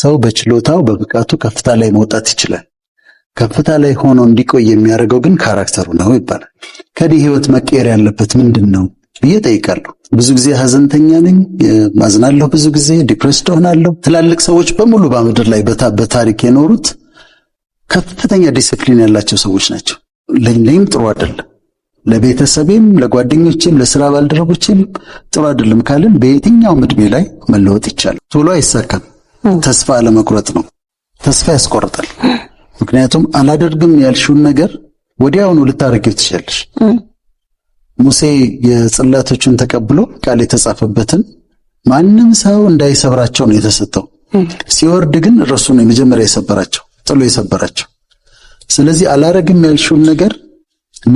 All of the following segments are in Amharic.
ሰው በችሎታው በብቃቱ ከፍታ ላይ መውጣት ይችላል። ከፍታ ላይ ሆኖ እንዲቆይ የሚያደርገው ግን ካራክተሩ ነው ይባላል። ከዲህ ህይወት መቀየር ያለበት ምንድን ነው ብዬ ጠይቃለሁ። ብዙ ጊዜ ሀዘንተኛ ነኝ፣ ማዝናለሁ፣ ብዙ ጊዜ ዲፕሬስድ ሆናለሁ። ትላልቅ ሰዎች በሙሉ በምድር ላይ በታሪክ የኖሩት ከፍተኛ ዲስፕሊን ያላቸው ሰዎች ናቸው። ለእኔም ጥሩ አይደለም፣ ለቤተሰቤም፣ ለጓደኞቼም፣ ለስራ ባልደረቦቼም ጥሩ አይደለም ካልን በየትኛውም ዕድሜ ላይ መለወጥ ይቻላል። ቶሎ አይሳካም። ተስፋ ለመቁረጥ ነው። ተስፋ ያስቆርጣል። ምክንያቱም አላደርግም ያልሽውን ነገር ወዲያውኑ ልታረጊው ትችላለሽ። ሙሴ የጽላቶቹን ተቀብሎ ቃል የተጻፈበትን ማንም ሰው እንዳይሰብራቸው ነው የተሰጠው። ሲወርድ ግን እርሱ ነው የመጀመሪያ የሰበራቸው፣ ጥሎ የሰበራቸው። ስለዚህ አላረግም ያልሽውን ነገር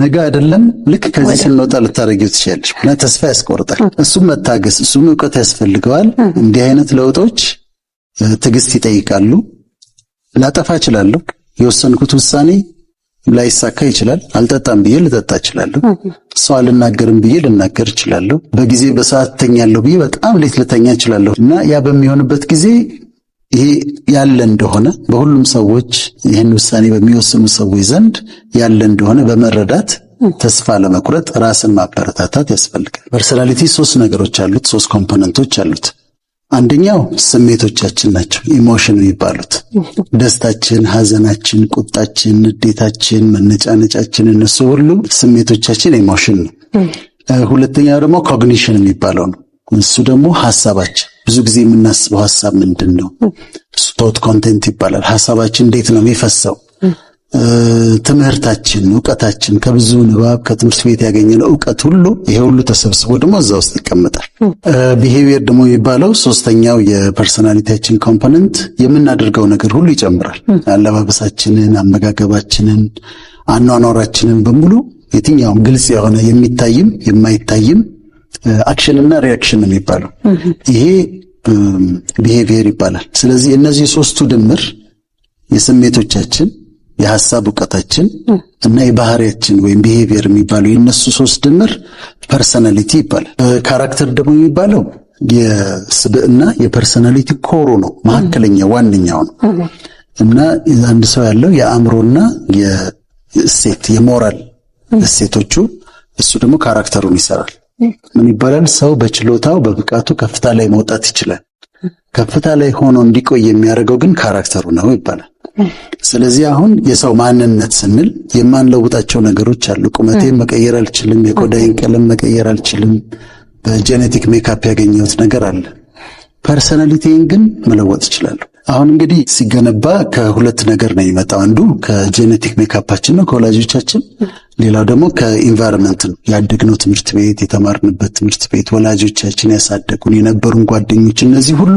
ነገ አይደለም ልክ ከዚህ ስንወጣ ልታረጊው ትችላለሽ ተስፋ ያስቆርጣል። እሱም መታገስ እሱም እውቀት ያስፈልገዋል። እንዲህ አይነት ለውጦች ትዕግስት ይጠይቃሉ። ላጠፋ እችላለሁ። የወሰንኩት ውሳኔ ላይሳካ ይችላል። አልጠጣም ብዬ ልጠጣ እችላለሁ። ሰው አልናገርም ብዬ ልናገር እችላለሁ። በጊዜ በሰዓት ተኛለሁ ብዬ በጣም ሌት ልተኛ እችላለሁ እና ያ በሚሆንበት ጊዜ ይሄ ያለ እንደሆነ በሁሉም ሰዎች ይህን ውሳኔ በሚወስኑ ሰዎች ዘንድ ያለ እንደሆነ በመረዳት ተስፋ ለመቁረጥ ራስን ማበረታታት ያስፈልጋል። ፐርሰናሊቲ ሶስት ነገሮች አሉት፣ ሶስት ኮምፖነንቶች አሉት። አንደኛው ስሜቶቻችን ናቸው፣ ኢሞሽን የሚባሉት ደስታችን፣ ሐዘናችን፣ ቁጣችን፣ ንዴታችን፣ መነጫነጫችን እነሱ ሁሉ ስሜቶቻችን ኢሞሽን ነው። ሁለተኛው ደግሞ ኮግኒሽን የሚባለው ነው። እሱ ደግሞ ሀሳባችን ብዙ ጊዜ የምናስበው ሀሳብ ምንድን ነው? ቶት ኮንቴንት ይባላል። ሀሳባችን እንዴት ነው የሚፈሰው ትምህርታችን እውቀታችን ከብዙ ንባብ ከትምህርት ቤት ያገኘነው እውቀት ሁሉ ይሄ ሁሉ ተሰብስቦ ደግሞ እዛ ውስጥ ይቀመጣል። ቢሄቪየር ደግሞ የሚባለው ሶስተኛው የፐርሶናሊቲያችን ኮምፖነንት የምናደርገው ነገር ሁሉ ይጨምራል። አለባበሳችንን፣ አመጋገባችንን፣ አኗኗራችንን በሙሉ የትኛውም ግልጽ የሆነ የሚታይም የማይታይም አክሽንና ሪያክሽን ነው የሚባለው ይሄ ቢሄቪየር ይባላል። ስለዚህ እነዚህ ሶስቱ ድምር የስሜቶቻችን የሀሳብ እውቀታችን እና የባህሪያችን ወይም ቢሄቪየር የሚባለው የእነሱ ሶስት ድምር ፐርሰናሊቲ ይባላል። ካራክተር ደግሞ የሚባለው የስብዕና የፐርሰናሊቲ ኮሩ ነው፣ መካከለኛ ዋነኛው ነው እና አንድ ሰው ያለው የአእምሮና የእሴት የሞራል እሴቶቹ እሱ ደግሞ ካራክተሩን ይሰራል። ምን ይባላል? ሰው በችሎታው በብቃቱ ከፍታ ላይ መውጣት ይችላል። ከፍታ ላይ ሆኖ እንዲቆይ የሚያደርገው ግን ካራክተሩ ነው ይባላል። ስለዚህ አሁን የሰው ማንነት ስንል የማንለውጣቸው ነገሮች አሉ። ቁመቴ መቀየር አልችልም፣ የቆዳዬን ቀለም መቀየር አልችልም። በጄኔቲክ ሜካፕ ያገኘሁት ነገር አለ። ፐርሰናሊቲን ግን መለወጥ እችላለሁ። አሁን እንግዲህ ሲገነባ ከሁለት ነገር ነው የሚመጣው። አንዱ ከጄኔቲክ ሜካፓችን ነው ከወላጆቻችን፣ ሌላው ደግሞ ከኢንቫይሮንመንት ነው። ያደግነው ትምህርት ቤት፣ የተማርንበት ትምህርት ቤት፣ ወላጆቻችን ያሳደጉን፣ የነበሩን ጓደኞች፣ እነዚህ ሁሉ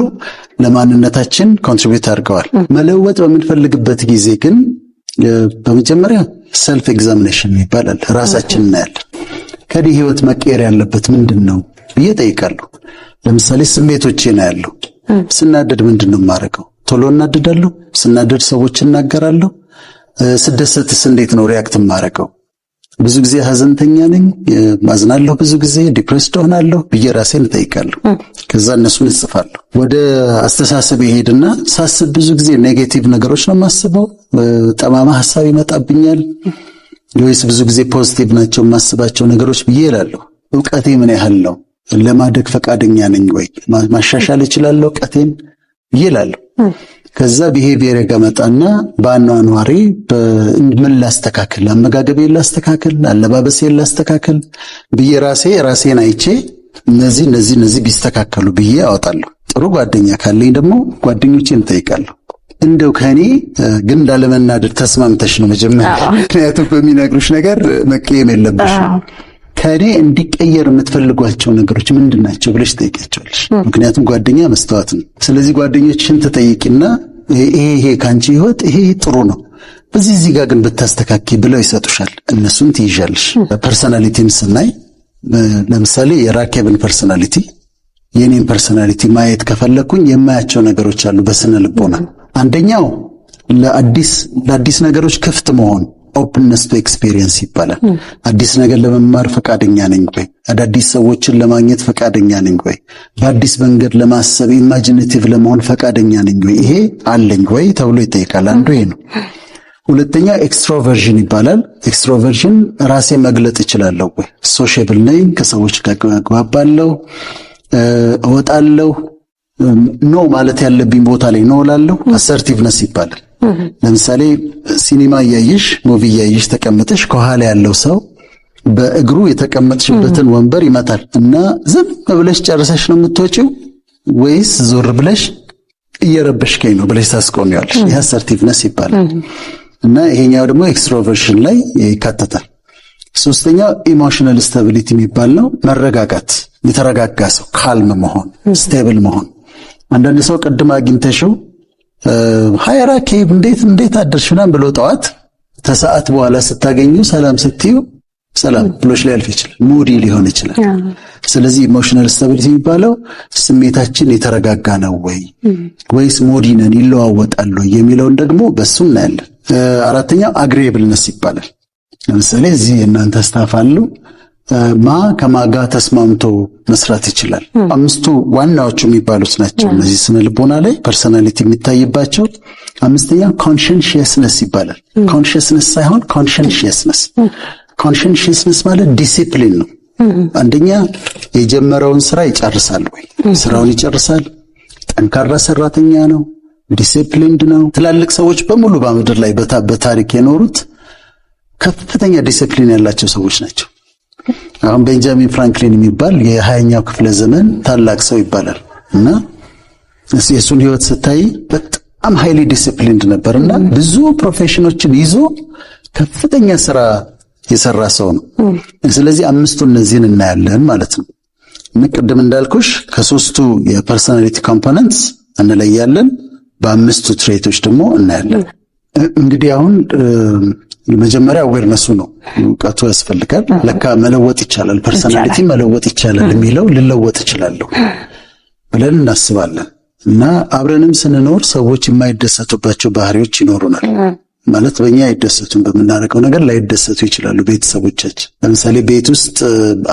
ለማንነታችን ኮንትሪቢዩት አድርገዋል። መለወጥ በምንፈልግበት ጊዜ ግን በመጀመሪያ ሰልፍ ኤግዛሚኔሽን ይባላል። ራሳችን እናያለን። ከዲህ ህይወት መቀየር ያለበት ምንድን ነው ብዬ ጠይቃለሁ። ለምሳሌ ስሜቶቼ ነው ያለው ስናደድ ምንድን ነው የማደርገው? ቶሎ እናደዳለሁ ስናደድ ሰዎች እናገራለሁ። ስደሰትስ እንዴት ነው ሪያክት ማረገው? ብዙ ጊዜ ሀዘንተኛ ነኝ ማዝናለሁ፣ ብዙ ጊዜ ዲፕሬስድ ሆናለሁ ብዬ ራሴን እጠይቃለሁ። ከዛ እነሱን እጽፋለሁ። ወደ አስተሳሰብ ይሄድና ሳስብ ብዙ ጊዜ ኔጌቲቭ ነገሮች ነው የማስበው። ጠማማ ሀሳብ ይመጣብኛል። ወይስ ብዙ ጊዜ ፖዚቲቭ ናቸው የማስባቸው ነገሮች ብዬ እላለሁ። እውቀቴ ምን ያህል ነው? ለማደግ ፈቃደኛ ነኝ ወይ? ማሻሻል እችላለሁ እውቀቴን ብዬ እላለሁ። ከዛ ቢሄቪየር ጋር መጣና በአኗኗሪ ምን ላስተካክል፣ አመጋገቤ ላስተካክል፣ አለባበሴ ላስተካክል ብዬ ራሴ ራሴን አይቼ እነዚህ እነዚህ እነዚህ ቢስተካከሉ ብዬ አወጣለሁ። ጥሩ ጓደኛ ካለኝ ደግሞ ጓደኞቼን እጠይቃለሁ። እንደው ከኔ ግን ላለመናደድ ተስማምተሽ ነው መጀመሪያ፣ ምክንያቱም በሚነግሩሽ ነገር መቀየም የለብሽ ከእኔ እንዲቀየር የምትፈልጓቸው ነገሮች ምንድን ናቸው ብለሽ ትጠይቂያቸዋለሽ። ምክንያቱም ጓደኛ መስተዋት ነው። ስለዚህ ጓደኞችሽን ትጠይቂና ይሄ ይሄ ከአንቺ ህይወት ይሄ ጥሩ ነው በዚህ እዚህ ጋር ግን ብታስተካኪ ብለው ይሰጡሻል። እነሱን ትይዣለሽ። ፐርሰናሊቲም ስናይ ለምሳሌ የራኬብን ፐርሰናሊቲ የኔን ፐርሰናሊቲ ማየት ከፈለግኩኝ የማያቸው ነገሮች አሉ በስነ ልቦና አንደኛው ለአዲስ ነገሮች ክፍት መሆን ኦፕንነስ ቱ ኤክስፔሪየንስ ይባላል። አዲስ ነገር ለመማር ፈቃደኛ ነኝ ወይ? አዳዲስ ሰዎችን ለማግኘት ፈቃደኛ ነኝ ወይ? በአዲስ መንገድ ለማሰብ ኢማጂኔቲቭ ለመሆን ፈቃደኛ ነኝ ወይ? ይሄ አለኝ ወይ ተብሎ ይጠይቃል። አንዱ ይሄ ነው። ሁለተኛ ኤክስትሮቨርዥን ይባላል። ኤክስትሮቨርዥን ራሴ መግለጥ እችላለሁ ወይ? ሶሽብል ነኝ፣ ከሰዎች ጋር አግባባለሁ፣ እወጣለሁ። ኖ ማለት ያለብኝ ቦታ ላይ ኖ እላለሁ። አሰርቲቭነስ ይባላል። ለምሳሌ ሲኒማ እያየሽ ሙቪ እያየሽ ተቀምጠሽ ከኋላ ያለው ሰው በእግሩ የተቀመጥሽበትን ወንበር ይመታል እና ዝም ብለሽ ጨርሰሽ ነው የምትወጪው ወይስ ዞር ብለሽ እየረበሽከኝ ነው ብለሽ ታስቆሚዋለሽ? ይህ አሰርቲቭነስ ይባላል። እና ይሄኛው ደግሞ ኤክስትሮቨርሽን ላይ ይካተታል። ሶስተኛው ኢሞሽናል ስታቢሊቲ የሚባል ነው። መረጋጋት፣ የተረጋጋ ሰው ካልም መሆን ስቴብል መሆን። አንዳንድ ሰው ቅድም አግኝተሽው ሀይራኬ እንዴት እንዴት አደርሽ ምናምን ብሎ ጠዋት ተሰዓት በኋላ ስታገኙ ሰላም ስትዩ ሰላም ብሎች ሊያልፍ ይችላል። ሙዲ ሊሆን ይችላል። ስለዚህ ኢሞሽናል ስታቢሊቲ የሚባለው ስሜታችን የተረጋጋ ነው ወይ ወይስ ሙዲ ነን ይለዋወጣሉ የሚለውን ደግሞ በሱ እናያለን። አራተኛው አግሬብልነስ ይባላል። ለምሳሌ እዚህ እናንተ ስታፍ አሉ ማ ከማጋ ተስማምቶ መስራት ይችላል። አምስቱ ዋናዎቹ የሚባሉት ናቸው። እነዚህ ስነ ልቦና ላይ ፐርሰናሊቲ የሚታይባቸው። አምስተኛ ኮንሽንሽየስነስ ይባላል። ኮንሽየስነስ ሳይሆን ኮንሽንሽየስነስ። ኮንሽንሽየስነስ ማለት ዲሲፕሊን ነው። አንደኛ የጀመረውን ስራ ይጨርሳል ወይ? ስራውን ይጨርሳል። ጠንካራ ሰራተኛ ነው። ዲሲፕሊንድ ነው። ትላልቅ ሰዎች በሙሉ በምድር ላይ በታሪክ የኖሩት ከፍተኛ ዲሲፕሊን ያላቸው ሰዎች ናቸው። አሁን ቤንጃሚን ፍራንክሊን የሚባል የሀያኛው ክፍለ ዘመን ታላቅ ሰው ይባላል እና የእሱን ህይወት ስታይ በጣም ሀይሊ ዲስፕሊንድ ነበር እና ብዙ ፕሮፌሽኖችን ይዞ ከፍተኛ ስራ የሰራ ሰው ነው። ስለዚህ አምስቱ እነዚህን እናያለን ማለት ነው። ቅድም እንዳልኩሽ ከሶስቱ የፐርሶናሊቲ ኮምፖነንትስ እንለያለን፣ በአምስቱ ትሬቶች ደግሞ እናያለን። እንግዲህ አሁን መጀመሪያ አዌርነሱ ነው፣ እውቀቱ ያስፈልጋል። ለካ መለወጥ ይቻላል፣ ፐርሰናሊቲ መለወጥ ይቻላል የሚለው ልለወጥ እችላለሁ ብለን እናስባለን። እና አብረንም ስንኖር ሰዎች የማይደሰቱባቸው ባህሪዎች ይኖሩናል። ማለት በእኛ አይደሰቱም፣ በምናደርገው ነገር ላይደሰቱ ይችላሉ። ቤተሰቦቻችን ለምሳሌ ቤት ውስጥ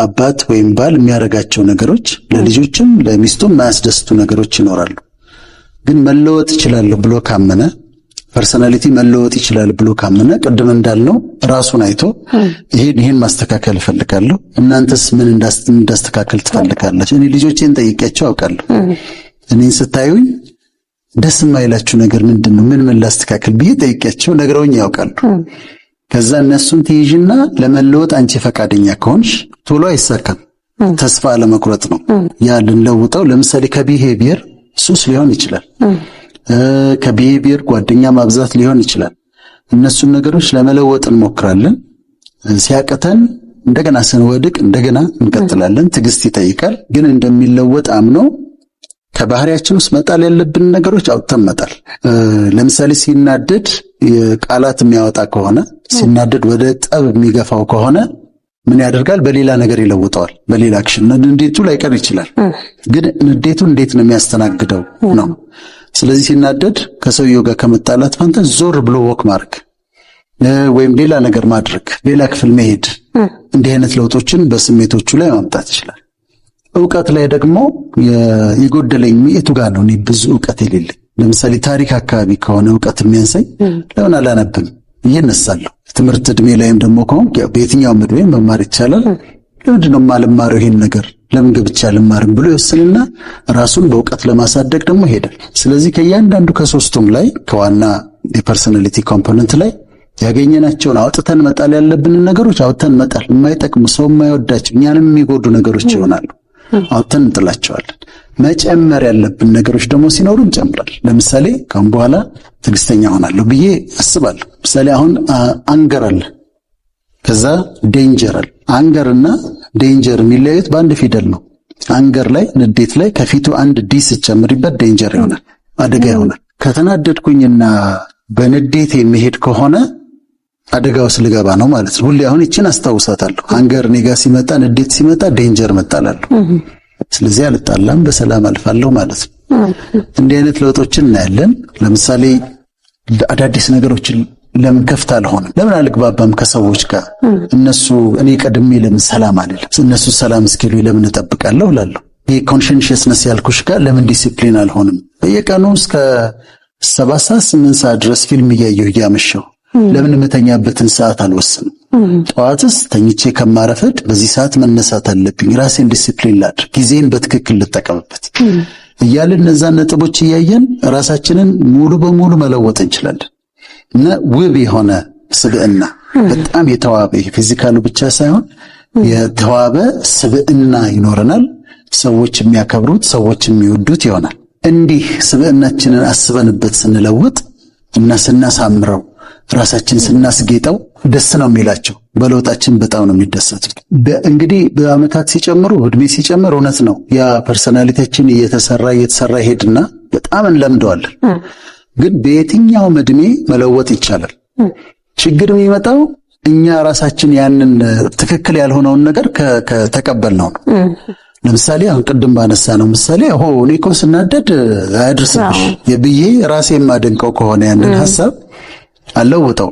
አባት ወይም ባል የሚያደርጋቸው ነገሮች ለልጆችም ለሚስቱም የማያስደስቱ ነገሮች ይኖራሉ። ግን መለወጥ እችላለሁ ብሎ ካመነ ፐርሰናሊቲ መለወጥ ይችላል ብሎ ካመነ ቅድም እንዳልነው ራሱን አይቶ ይሄን ይሄን ማስተካከል እፈልጋለሁ፣ እናንተስ ምን እንዳስተካከል ትፈልጋላችሁ? እኔ ልጆቼን ጠይቄያቸው አውቃለሁ። እኔን ስታዩኝ ደስ የማይላችሁ ነገር ምንድን ነው? ምን ምን ላስተካከል ብዬ ጠይቄያቸው ነግረውኝ ያውቃሉ። ከዛ እነሱን ትይዥና ለመለወጥ አንቺ ፈቃደኛ ከሆንሽ ቶሎ አይሳካም። ተስፋ ለመቁረጥ ነው ያ ልንለውጠው። ለምሳሌ ከቢሄቪየር ሱስ ሊሆን ይችላል ከቢሄቪየር ጓደኛ ማብዛት ሊሆን ይችላል። እነሱን ነገሮች ለመለወጥ እንሞክራለን። ሲያቅተን እንደገና ስንወድቅ እንደገና እንቀጥላለን። ትዕግስት ይጠይቃል፣ ግን እንደሚለወጥ አምኖ ከባህሪያችን ውስጥ መጣል ያለብን ነገሮች አውጥተን መጣል። ለምሳሌ ሲናደድ ቃላት የሚያወጣ ከሆነ ሲናደድ ወደ ጠብ የሚገፋው ከሆነ ምን ያደርጋል? በሌላ ነገር ይለውጠዋል። በሌላ አክሽን ንዴቱ ላይቀር ይችላል፣ ግን ንዴቱ እንዴት ነው የሚያስተናግደው ነው ስለዚህ ሲናደድ ከሰውየው ጋር ከመጣላት ፈንተ ዞር ብሎ ወክ ማድረግ ወይም ሌላ ነገር ማድረግ፣ ሌላ ክፍል መሄድ፣ እንዲህ አይነት ለውጦችን በስሜቶቹ ላይ ማምጣት ይችላል። እውቀት ላይ ደግሞ የጎደለኝ የቱ ጋር ነው? እኔ ብዙ እውቀት የሌለኝ ለምሳሌ ታሪክ አካባቢ ከሆነ እውቀት የሚያንሰኝ ለምን አላነብም እየነሳለሁ። ትምህርት እድሜ ላይም ደግሞ ከሆን በየትኛውም እድሜ መማር ይቻላል። ለምንድን ነው የማልማረው ይሄን ነገር ለምን ገብቻ ልማርም ብሎ ይወስንና ራሱን በእውቀት ለማሳደግ ደግሞ ሄደ። ስለዚህ ከእያንዳንዱ ከሶስቱም ላይ ከዋና የፐርሰናሊቲ ኮምፖነንት ላይ ያገኘናቸውን አውጥተን መጣል ያለብንን ነገሮች አውጥተን መጣል፣ የማይጠቅሙ ሰው የማይወዳቸው እኛንም የሚጎዱ ነገሮች ይሆናሉ፣ አውጥተን እንጥላቸዋለን። መጨመር ያለብን ነገሮች ደግሞ ሲኖሩ እንጨምራል። ለምሳሌ ካሁን በኋላ ትዕግስተኛ ሆናለሁ ብዬ አስባለሁ። ምሳሌ አሁን አንገር አለ፣ ከዛ ዴንጀር አለ። አንገርና ዴንጀር የሚለያዩት በአንድ ፊደል ነው። አንገር ላይ ንዴት ላይ ከፊቱ አንድ ዲ ስጨምሪበት ዴንጀር ይሆናል፣ አደጋ ይሆናል። ከተናደድኩኝና በንዴት የሚሄድ ከሆነ አደጋ ውስጥ ልገባ ነው ማለት ነው። ሁሌ አሁን ይችን አስታውሳታለሁ። አንገር እኔ ሲመጣ፣ ንዴት ሲመጣ ዴንጀር መጣላለሁ። ስለዚህ አልጣላም፣ በሰላም አልፋለሁ ማለት ነው። እንዲህ አይነት ለውጦችን እናያለን። ለምሳሌ አዳዲስ ነገሮችን ለምን ከፍት አልሆንም? ለምን አልግባባም ከሰዎች ጋር? እነሱ እኔ ቀድሜ ለምን ሰላም አልልም? እነሱ ሰላም እስኪሉ ለምን እጠብቃለሁ እላለሁ። ይህ ኮንሽንሽስነስ ያልኩሽ ጋር ለምን ዲሲፕሊን አልሆንም? በየቀኑ እስከ ሰባት ሰዓት ስምንት ሰዓት ድረስ ፊልም እያየሁ እያመሸሁ ለምን የምተኛበትን ሰዓት አልወስንም? ጠዋትስ ተኝቼ ከማረፈድ በዚህ ሰዓት መነሳት አለብኝ፣ ራሴን ዲሲፕሊን ላድርግ፣ ጊዜን በትክክል ልጠቀምበት እያልን እነዛን ነጥቦች እያየን ራሳችንን ሙሉ በሙሉ መለወጥ እንችላለን። እና ውብ የሆነ ስብዕና በጣም የተዋበ ፊዚካሉ ብቻ ሳይሆን የተዋበ ስብዕና ይኖረናል። ሰዎች የሚያከብሩት ሰዎች የሚወዱት ይሆናል። እንዲህ ስብዕናችንን አስበንበት ስንለውጥ እና ስናሳምረው ራሳችን ስናስጌጠው ደስ ነው የሚላቸው። በለውጣችን በጣም ነው የሚደሰቱት። እንግዲህ በአመታት ሲጨምሩ እድሜ ሲጨምር እውነት ነው ያ ፐርሰናሊቲያችን እየተሰራ እየተሰራ ይሄድና በጣም እንለምደዋለን። ግን በየትኛውም እድሜ መለወጥ ይቻላል። ችግር የሚመጣው እኛ ራሳችን ያንን ትክክል ያልሆነውን ነገር ከተቀበልነው ነው። ለምሳሌ አሁን ቅድም ባነሳ ነው ምሳሌ ሆ እኔ እኮ ስናደድ አያድርስብሽ የብዬ ራሴ የማደንቀው ከሆነ ያንን ሀሳብ አለውጠው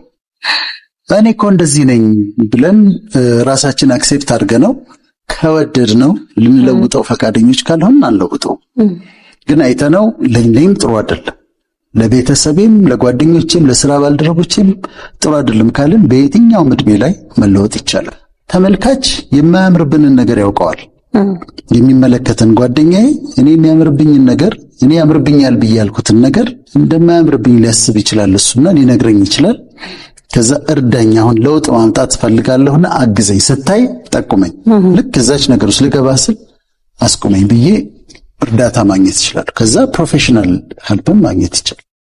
እኔ እኮ እንደዚህ ነኝ ብለን ራሳችን አክሴፕት ነው ከወደድ ነው ልንለውጠው ፈቃደኞች ካልሆን አንለውጠው። ግን አይተነው ለእኔም ጥሩ አይደለም ለቤተሰቤም፣ ለጓደኞቼም፣ ለስራ ባልደረቦቼም ጥሩ አይደለም ካልን በየትኛውም ምድቤ ላይ መለወጥ ይቻላል። ተመልካች የማያምርብንን ነገር ያውቀዋል። የሚመለከትን ጓደኛዬ እኔ የሚያምርብኝን ነገር እኔ ያምርብኛል ብዬ ያልኩትን ነገር እንደማያምርብኝ ሊያስብ ይችላል። እሱና ሊነግረኝ ይችላል። ከዛ እርዳኝ፣ አሁን ለውጥ ማምጣት እፈልጋለሁና አግዘኝ፣ ስታይ ጠቁመኝ፣ ልክ እዛች ነገር ውስጥ ልገባ ስል አስቁመኝ ብዬ እርዳታ ማግኘት ይችላሉ። ከዛ ፕሮፌሽናል ሄልፕም ማግኘት ይችላል።